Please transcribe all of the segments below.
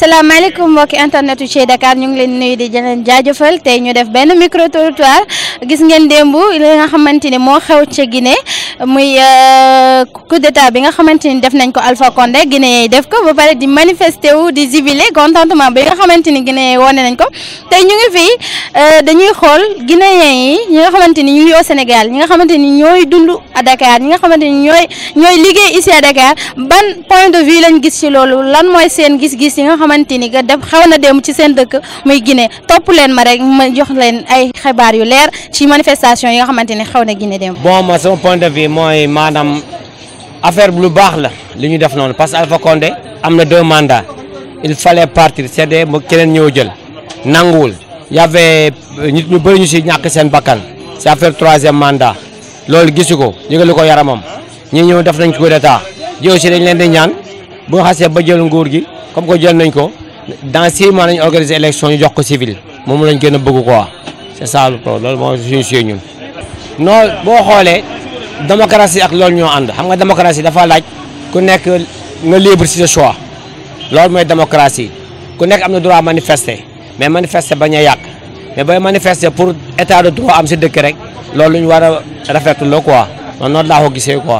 salaamaaleykum mbokki internet yu ci Dakar ñu ngi leen nuyu di jëleen jaajëfal tey ñu def benn micro trottoir gis ngeen démb li nga xamante ni moo xew ca Guinée muy euh, coup d'état bi nga xamante ni def nañ ko Alpha Condé Guinée yi def ko ba pare di manifester wu di jubiler contentement bi nga xamante ni Guinée yi wone nañ ko tey ñu ngi fii euh, dañuy xool Guinéen yi ñu nga xamante ni ñu ngi Sénégal ñi nga xamante ni ñooy dund à Dakar ñi nga xamante ni ñooy ñooy liggéey ici à Dakar ban point de vue lañ gis ci loolu lan mooy seen gis-gis yi nga xam xamanteni ga def xew dem ci sen deuk muy Guinée top len ma rek ma jox len ay xibaar yu leer ci manifestation yi nga xamanteni ni xew Guinée dem. bon ma son point de vue moy maanaam affaire bu lu baax la liñu def non parce que Alpha Condé amna deux mandats il fallait partir cédé mo kenen ñëw jël nanguwul y avait euh, nit ñu bari ñu ci ñak sen bakkan c'est affaire troisième mandat loolu gisu ko yëgalu ko yaramam ñi ñëw def nañ ko d'état jëw ci dañ leen di ñaan bu xasse ba jël nguur gi comme que jël nañ ko dans six mois nañ organiser ñu jox ko civil moom lañ gën a bëgg quoi c'est ça le problème loolu mooy suñu suñu ñun. boo xoolee démocratie ak loolu ñoo ànd xam nga démocratie dafa laaj ku nekk nga libre si sa choix loolu mooy démocratie ku nekk am na droit manifester mais manifester ba a yàq mais booy manifester pour état de droit am ci dëkk rek loolu lu ñu war a rafetlu la quoi man noonu laa ko gisee quoi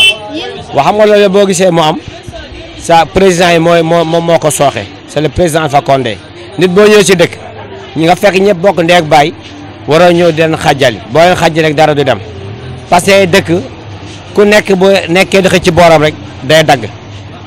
wax xam nga loolu boo gisee mu am. sa président yi mooy moo moom moo ko sooxe c'est le président Alpha Condé nit boo ñëwee si dëkk ñi nga fekk ñëpp bokk ndeeg baay waroo ñëw di leen xajali boo leen rek dara du dem parce que dëkk ku nekk bu nekkee dëkk ci booram rek day dagg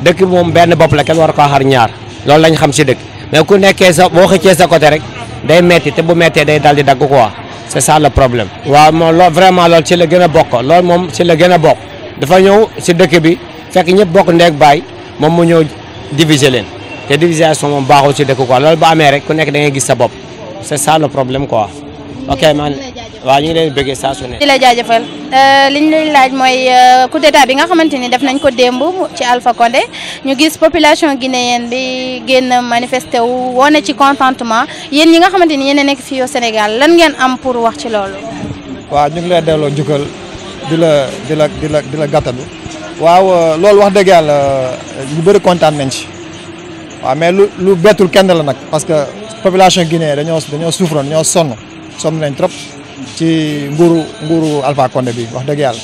dëkk moom benn bopp la kenn war koo xar ñaar loolu lañ xam ci dëkk mais ku nekkee sa boo xëccee sa côté rek day metti bu mettee day daal di dagg quoi c'est ça problème. waaw moom loolu vraiment loolu ci la gën a bokk loolu moom ci la gën a bokk dafa ñëw ci dëkk bi fekk ñëpp bokk ndeeg baay moom mu ñëw diviser leen te division moom baaxul ci dëkk quoi loolu ba amee rek ku nekk da ngay gis sa bopp c'est ça le problème ko ok man waaw ñu ngi leen bëggee saa su ne. di la jaajëfal euh, li ñu lay laaj mooy euh, coup d'état bi nga xamante ni def nañ ko démb ci Alpha Condé ñu gis population yeen bi génn manifesté wu woon ci contentement yéen ñi nga xamante ni yéen nekk fii Sénégal lan ngeen am pour wax ci loolu. waaw ñu ngi lay delloo njukkal di la di la di la di waaw euh, loolu wax dëgg yàlla euh, ñu bëri kontaan nañ ci waaw mais lu lu bettul kenn la nag parce que population Guinée dañoo dañoo souffre dañoo sonn sonn nañ trop ci nguuru nguuru Alpha Condé bi wax dëgg yàlla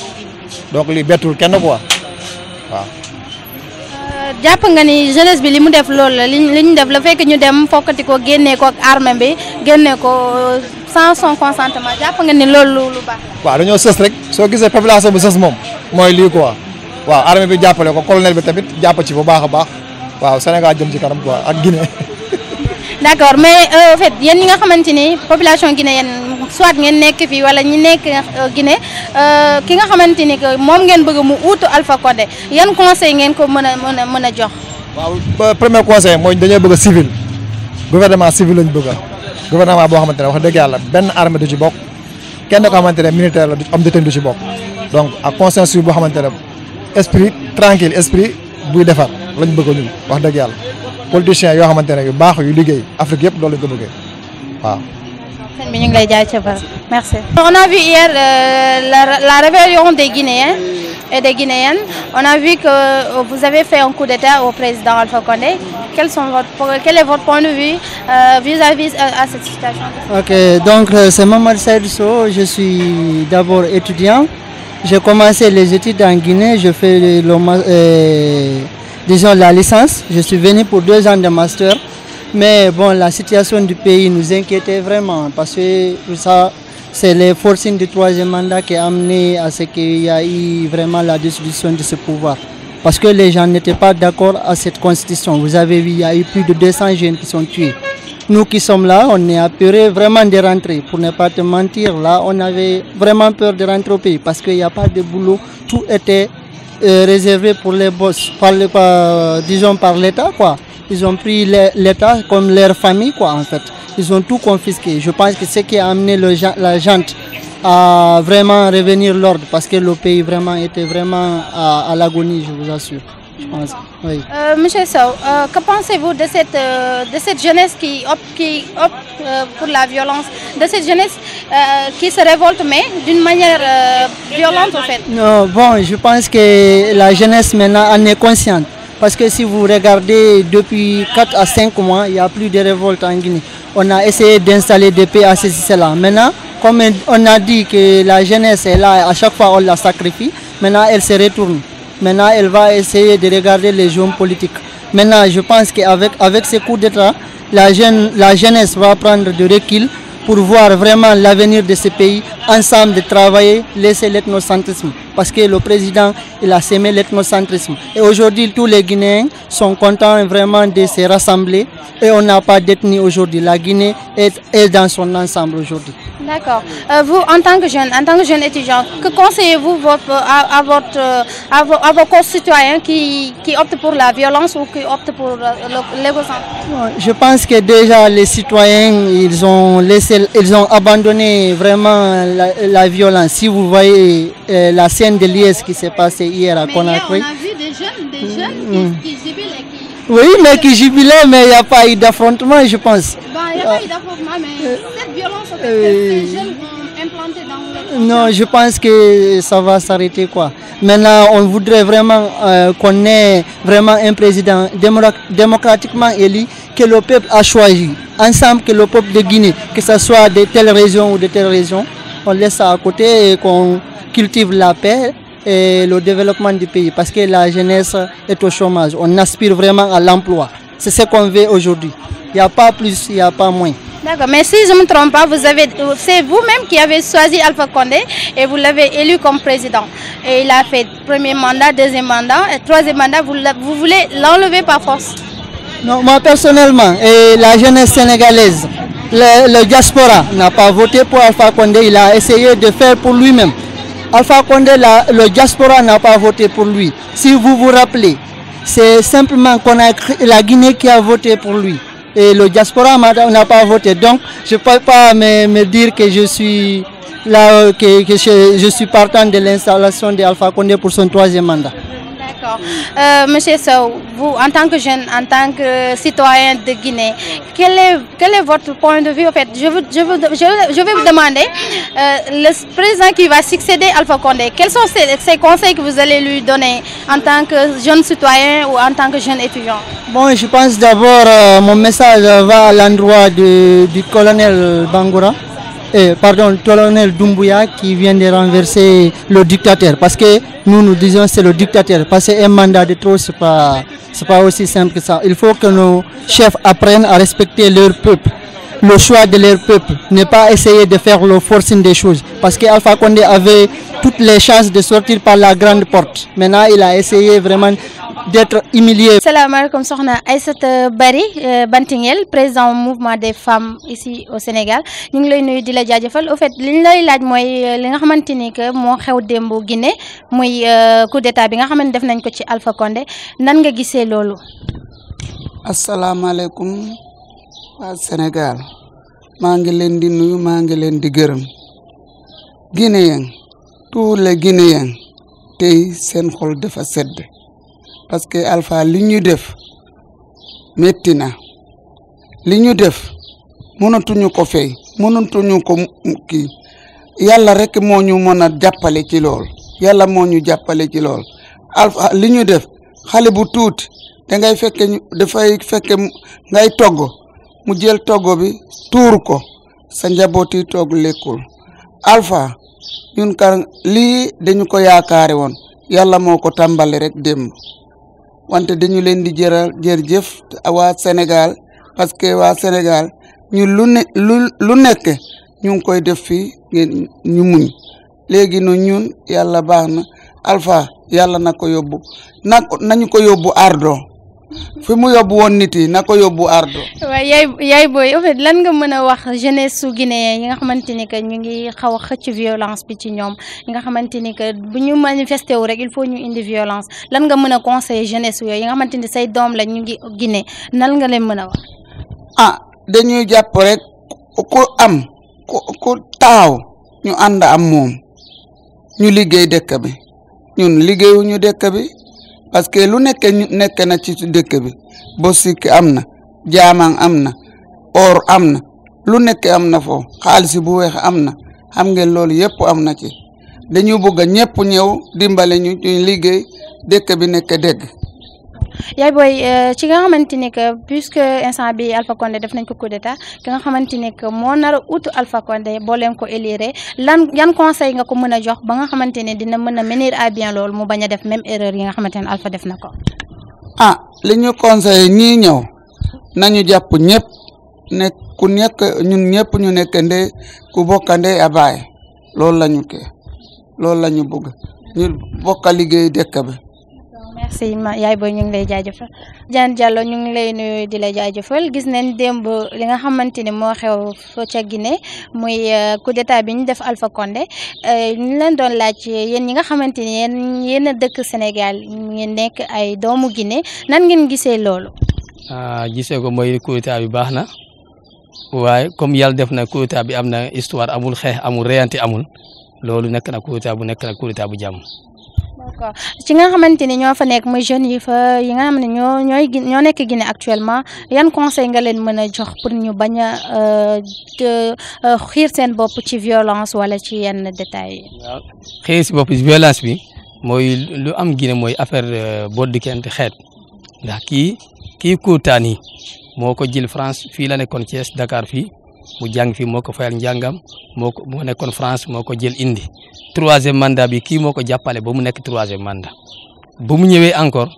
donc li bettul kenn ko waaw. Euh, jàpp nga ni jeunesse bi li mu def loolu la li ñu def la fekk ñu dem fokkati ko génnee ko ak armée bi génnee ko sans son consentement jàpp nga ni loolu lu baax waaw dañoo sës rek soo gisee population bu sës moom mooy lii ko wax waaw armée bi jàppale ko colonel bi tamit japp ci bu baax a baax waaw Sénégal jëm ci kanam quoi ak guiné d'accord mais euh fait yeen yi nga xamanteni population guinéenne soit ngeen nek fi wala ñi euh, guiné euh ki nga xamanteni ni que ngeen bëgg mu outu Alpha Condé yan conseil ngeen ko mëna mëna mën jox. waaw premier conseil moy dañu bëgg civil gouvernement civil lañ bëgg gouvernement bo xamanteni wax deug yalla ben armée du ci bok kenn ko xamanteni militaire la am détenu du ci bok donc à consensus bo xamanteni esprit tranquille esprit buy defar lañ bëgg ñun wax dëgg yàlla politiciens yoo xamante ne yu baax yu liggéey Afrique yëpp loolu lañ ko bëggee waaw. sëñ bi ñu ngi lay merci. on a vu hier euh, la, rébellion des Guinéens et des Guinéennes. On a vu que euh, vous avez fait un coup d'État au président Alpha Condé. Quel, sont votre, est votre point de vue euh, vis-à-vis de cette situation Ok, donc c'est Mamar Saïdso. Je suis d'abord étudiant j'ai commencé les études en Guinée, je fais le, euh, disons la licence. Je suis venu pour deux ans de master. Mais bon, la situation du pays nous inquiétait vraiment parce que ça, c'est les forces du troisième mandat qui a amené à ce qu'il y a eu vraiment la dissolution de ce pouvoir. Parce que les gens n'étaient pas d'accord à cette constitution. Vous avez vu, il y a eu plus de 200 jeunes qui sont tués. Nous qui sommes là, on est apuré vraiment de rentrer. Pour ne pas te mentir, là, on avait vraiment peur de rentrer au pays parce qu'il n'y a pas de boulot. Tout était euh, réservé pour les boss, par disons par l'État, quoi. Ils ont pris l'État comme leur famille, quoi, en fait. Ils ont tout confisqué. Je pense que c'est ce qui a amené la gente à vraiment revenir l'ordre parce que le pays vraiment était vraiment à l'agonie, je vous assure. Euh, monsieur Sow, euh, que pensez-vous de cette, euh, de cette jeunesse qui opte, qui pour la violence, de cette jeunesse qui se révolte, mais d'une manière violente en fait bon, je pense que la jeunesse maintenant en est consciente. Parce que si vous regardez depuis 4 à 5 mois, il n'y a plus de révolte en Guinée. On a essayé d'installer des paix à ceci, cela. Maintenant, comme on a dit que la jeunesse est là, à chaque fois on la sacrifie, maintenant elle se retourne. Maintenant, elle va essayer de regarder les jeunes politiques. Maintenant, je pense qu'avec avec ces coups d'État, la, jeune, la jeunesse va prendre du recul pour voir vraiment l'avenir de ce pays, ensemble de travailler, laisser l'ethnocentrisme parce que le président, il a semé l'ethnocentrisme. Et aujourd'hui, tous les Guinéens sont contents vraiment de se rassembler et on n'a pas d'ethnie aujourd'hui. La Guinée est, dans son ensemble aujourd'hui. D'accord. Euh, vous, en tant que jeune, en tant que jeune étudiant, que conseillez-vous à, votre, à, vos, concitoyens qui, qui, optent pour la violence ou qui optent pour euh, l'égocentrisme Je pense que déjà les citoyens, ils ont, laissé, ils ont abandonné vraiment la, violence. Si vous voyez euh, la scène de l'IS qui s'est passé hier à Conakry. on a vu des jeunes, mm, mm. qui, jubilaient. Oui, mais qui jubilaient, mais il n'y a pas eu d'affrontement, je pense. Bah, il n'y a pas eu euh, d'affrontement, mais euh, cette violence euh, que jeunes vont implanter dans le... Non, je pense que ça va s'arrêter, quoi. Maintenant, on voudrait vraiment qu'on ait vraiment un président démocratiquement élu que le peuple a choisi, ensemble que le peuple de Guinée, que ce soit de telle région ou de telle région, on laisse ça à côté et qu'on cultive la paix et le développement du pays parce que la jeunesse est au chômage. On aspire vraiment à l'emploi. C'est ce qu'on veut aujourd'hui. Il n'y a pas plus, il n'y a pas moins. D'accord, mais si je ne me trompe pas, vous avez, c'est vous-même qui avez choisi Alpha Condé et vous l'avez élu comme président. Et il a fait premier mandat, deuxième mandat, et troisième mandat, vous, vous voulez l'enlever par force Non, moi personnellement, et la jeunesse sénégalaise, le, le diaspora n'a pas voté pour Alpha Condé, il a essayé de faire pour lui-même. Alpha Condé, le diaspora n'a pas voté pour lui. Si vous vous rappelez, c'est simplement qu'on a la Guinée qui a voté pour lui. Et le diaspora n'a pas voté. Donc, je ne peux pas me, dire que je suis là, que, je, je suis partant de l'installation d'Alpha Condé pour son troisième mandat. D'accord. Euh, monsieur Sow, vous, en tant que jeune, en tant que citoyen de Guinée, quel est, quel est votre point de vue en fait je, vais vous demander, euh, le président qui va succéder Alpha Condé, quels sont ces conseils que vous allez lui donner en tant que jeune citoyen ou en tant que jeune étudiant Bon, je pense d'abord, euh, mon message va à l'endroit du, du colonel Bangoura. Eh, pardon, le colonel Doumbouya qui vient de renverser le dictateur. Parce que nous, nous disons c'est le dictateur. Passer un mandat de trop, ce n'est pas aussi simple que ça. Il faut que nos chefs apprennent à respecter leur peuple le choix de leur peuple, ne pas essayer de faire le forcing des choses. Parce qu'Alpha Condé avait toutes les chances de sortir par la grande porte. Maintenant, il a essayé vraiment d'être humilié. Salam alaikum, Sohna Aïssat Bari, euh, Bantingel, président du mouvement des femmes ici au Sénégal. Nous sommes venus de la Djadjafal. Au fait, ce euh, que nous avons dit, c'est que nous avons Guinée, le euh, coup d'État que nous avons fait Alpha Condé. Comment vous avez vu ça Assalamu alaikum. waa Sénégal maa ngi leen di nuyu maa ngi leen di gërëm guinéen le les guinéens tey seen xol dafa sedd parce que Alpha li ñu def metti na li ñu def mënatuñu ko fay mënatuñu ko kii yàlla rek moo ñu mën a jàppale ci lool yàlla moo ñu jàppale ci lool Alpha li ñu def xale bu tuut da ngay fekke dafay fekke ngay togg mu jël togo bi tuur ko sa njabooti toog lekkul alpha ñun kar lii dañu ko yaakaare woon yàlla moo ko tàmbale rek démb wante dañu leen di jëral jërëjëf waa sénégal parce que waa sénégal ñu lu ne lu lu nekk ñu ngi koy def fii ngeen ñu muñ léegi nu ñun yàlla baax na alpha yàlla na ko yóbbu na nañu ko yóbbu ardon fi mu yóbbu woon nit na ko yóbbu ardo waaw yaay yaay booy en lan nga mën a wax jeunesse su guinéen yi nga xamante ni que ñu ngi xaw a xëcc violence bi ci ñoom nga xamante ni que bu ñu manifesté wu rek il faut ñu indi violence lan nga mën a conseiller jeunesse yooyu yi nga xamante ni say doom la ñu ngi Guinée nan nga leen mën a wax ah jàpp rek ku am ku ku taaw ñu ànd am moom ñu liggéey dëkk bi ñun liggéeyuñu dëkk bi parce que lu nekk nekk na ci dëkk bi bo sikk am na jaamaan am na or am na lu nekk am na foofu xaalis bu weex am na xam ngeen loolu yëpp am na ci dañu bëgg ñëpp ñëw dimbale ñu ñuy liggéey dëkk bi nekk dégg yaay booy euh, ci nga xamante ne que puisque instant bi Alpha Condé def nañ ko coup d'état ki nga xamante ne que moo nar ut Alpha Condé boo leen ko élire lan yan conseil nga ko mën a jox ba nga xamante ne dina mën a mener à bien loolu mu bañ a def même erreur yi nga xamante ne Alpha def na ko. ah li ñu conseillé ñii ñëw nañu jàpp ñëpp ne ku nekk ñu ñëpp ñu nekk ndey ku bokk ndey a baay loolu la ñu kii loolu la ñu bëgg ñu bokk liggéey dëkk bi. merci ma yaay booy ñu ngi lay jaajëfal Diane Diallo ngi lay nuyu di la jaajëfal gis nañ démb li nga xamante ni moo xew fo ca Guinée muy euh, coup d'état bi ñu def Alpha Condé euh, ñu leen doon laaj yéen ñi nga xamante ni yéen yéen a dëkk Sénégal ngeen nekk ay doomu Guinée nan ngeen gisee loolu. Ah, gisee ko moy coup d'état baax na waaye comme yàlla def na coup d'état bi am na histoire amul xeex amul reyante amul loolu nekk na coup d'état bu nekk na coup d'état bu jàmm. d'accord ci nga xamante ni ñoo fa nekk muy jeunes yi fa yi nga xam ñoo nekk Guinée actuellement yan conseil nga leen mën a jox pour ñu baña a euh, euh, xiir seen bopp ci violence wala ci yenn détails yi. xiir si bopp ci violence bi mooy lu am Guinée mooy affaire euh, boddikente xeet ndax kii kii kuutaan moo ko jël France fii la nekkoon Thiès Dakar fii mu jàng fii moo ko fayal njàngam moo ko nekkoon France moo ko jël indi troisième mandat bi ki moo ko jàppale nek mu nekk troisième mandat bu mu encore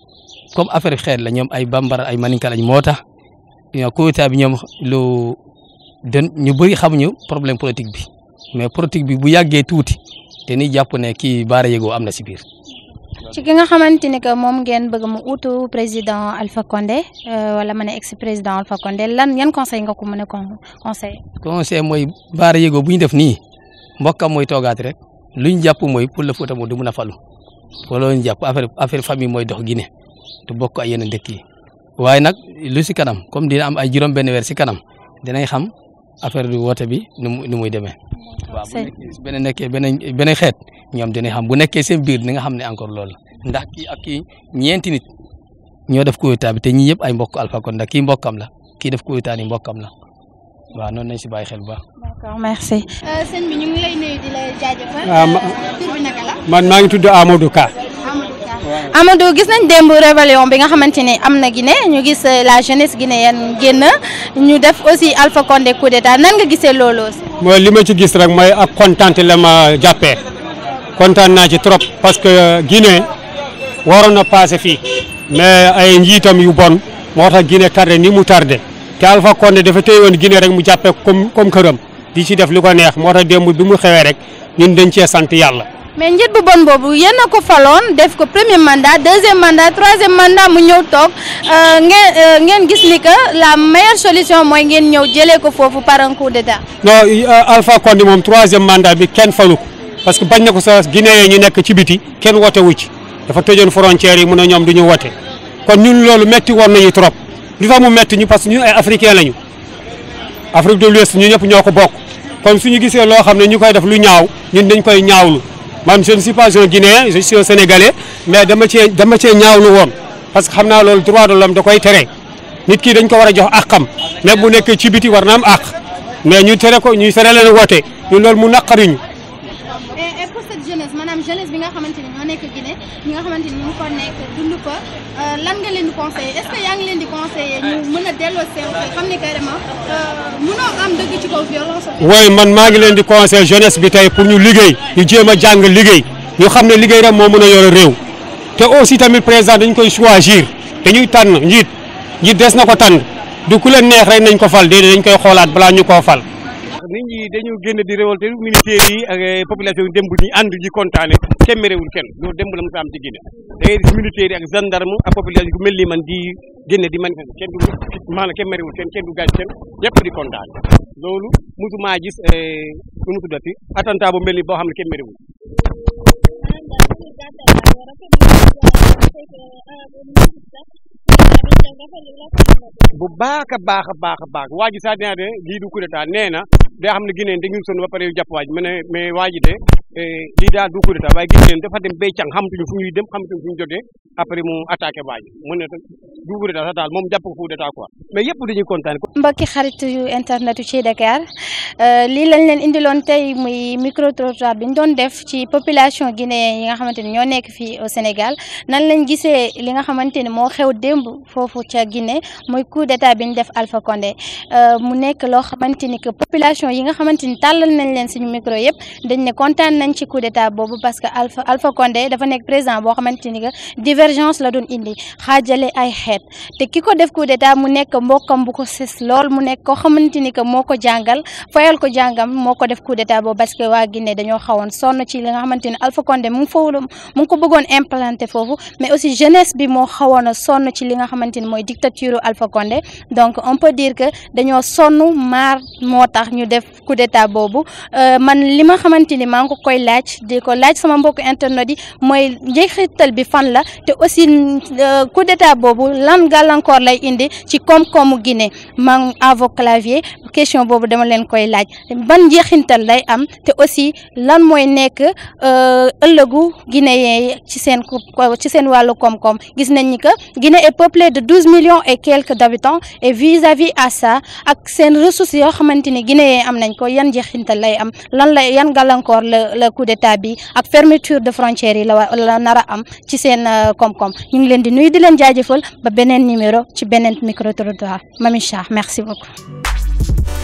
comme affaire xeet la ñoom ay bambara ay maninka lañ moo tax kowita bi ñoom lu den ñu bëri xamuñu problème politique bi mais politique bi bu yàggee tuuti te ni jàpp ne kii baara yëgoo am na si biir ci ki nga ngeen bëgg mu utu président Alpha Condé euh, wala ma ne ex président Alpha Condé lan yan conseil nga ko mën a conseil conseil mooy baara yëgoo bu def nii mbokkam mooy rek lu ñu jàpp mooy pour le Fouta moom du mun a falu wala ñu jàpp affaire affaire famille mooy dox Guinée te bokk ay yeneen dëkk yi waaye nag lu si kanam comme dina am ay juróom-benn weer si kanam dinañ xam affaire du woote bi nu muy nu muy demee. waaw bu beneen beneen xeet ñoom dinañ xam bu nekkee seen biir dina nga xam ne encore loolu ndax kii ak kii ñeenti nit ñoo def kuyutaa bi te ñi yëpp ay mbokk Alpha Condé kii mbokkam la kii def kuyutaa ni mbokkam la waaw noonu nañ si bàyyi xel ba d'accord merci. Euh, sëñ bi ngi lay nuyu ah, euh, man maa ngi Amadou Ka. Amadou gis nañ démb révolution bi nga xamante ni am na Guinée ñu gis euh, la jeunesse guinéenne génn ñu def aussi Alpha Condé coup d'état nan nga gisee loolu aussi. mooy li ma ci gis rek mooy ak kontaan la jàppe jàppee kontaan naa ci trop parce que Guinée waroon na passé fii mais ay njiitam yu bon moo tax Guinée tardé ni mu tarde te Alpha Condé dafa téye woon Guinée rek mu jàppee comme comme këram. di ci def li ko neex moo tax dem bi mu xewee rek ñun dañ cee sant yàlla. mais njiit bu bon boobu yéen a ko faloon def ko premier mandat deuxième mandat troisième mandat mu ñëw toog euh, ngeen euh, ngeen gis ni que la meilleure solution mooy ngeen ñëw jëlee ko foofu par un coup d'état. non euh, Alpha Condé moom troisième mandat bi kenn falu ko parce que bañ na ko sa Guinée ñu nekk ci biti kenn wote wu ci dafa tëjoon frontière yi a ne ñoom du ñëw wote kon ñun loolu metti woon nañu trop li tax que ñun ay africain lañu. Afrique de l'Ouest ñu ñëpp ñoo ko bokk su ñu gisee loo xam ne ñu koy def lu ñaaw ñun dañ koy ñaawlu man je ne suis pas un guinéen je suis mais dama cee dama cee ñaawlu woon parce que xam naa loolu droit de l'homme da koy tere nit kii dañ ko war a jox ak àqam mais bu nekkee ci biti war na am àq mais ñu tere ko ñu tere leen woote ñun loolu mu naqariñu. et ñi nga xamante ni ñu fa nekk dund ko euh, lan nga leen di conseiller waaye ah. euh, man maa ngi leen di conseiller jeunesse bi tey pour ñu liggéey ñu jéem a jàng liggéey ñu xam ne liggéey rek moo mën a yore réew te aussi tamit président dañ koy choisir dañuy tànn njiit njiit des na ko tànn du ku leen neex rek nañ ko fal déedéet dañ koy xoolaat balaa ñu koo fal. nit ñi dañu génn di révolté militaires yi ak eh, population yi démb ñi ànd ji kontaane kenn merewul kenn loolu démb la mu sa am ci Guinée ak gendarme ak population bu mel ni man di génne di manifester kenn du maanaam kenn merewul kenn kenn du gaañ loolu musumaa gis lu eh, mu tuddati attentat bu mel ni boo xam ne kenn merewul bu baax a baax a baax a baax waa ji saa dina na day xam ne Guinéen dañuy sonn ba pare yu jàpp waaj ma ne mais waaj de eh, lii daal du dem béy càng xamatuñu fu ñuy dem après mu attaqué waaj mu euh, ni ñoo nekk fii au Sénégal nan lañ li nga xamante ni moo xew démb foofu ca Guinée muy coup d'état bi ñu def Alpha Condé euh, mu loo xamante population. association yi nga xamanteni talal nañ leen suñu micro yépp dañ ne contane nañ ci coup d'état boobu parce que Alpha Alpha Condé dafa nekk président boo xamanteni nga divergence la doon indi xaajale ay xeet te ki ko def coup d'état mu nekk mbokam bu ko sës lool mu nekk koo xamanteni que moo ko jàngal fayal ko jàngam moo ko def coup d'état boobu parce que waa Guinée dañoo xawoon sonn ci li nga xamanteni Alpha Condé mu ngi foofu mu ngi ko bëggoon implanté foofu mais aussi jeunesse bi moo xawoon a sonn ci li nga xamanteni ni mooy dictature Alpha Condé donc on peut dire que dañoo sonn maar moo tax ñu def def coup d'état euh, man li ma xamanteni ni ngi ko koy laaj di ko laaj sama mbokk internet yi moy jeexital bi fan la te aussi euh, coup d'état bobu lan encore lay indi ci koom Guinée mang avocat la question bobu dama len koy laaj ban njeexital lay am te aussi lan nek euh ëllëgu guinéen ci sen ci sen walu nañ ni que Guinée est peuplée de douze millions et quelques d'habitants et vis-à-vis à ça ak sen ressources yo xamanteni Guinée am nañ ko yan jeexintal lay am lan lay yan gàllankoor la la coup d'état bi ak fermeture de frontières yi la la nar am ci seen euh, koom-koom ñu ngi leen di nuyu di leen jaajëfal ba beneen numéro ci beneen micro trottoir Mami Cha merci beaucoup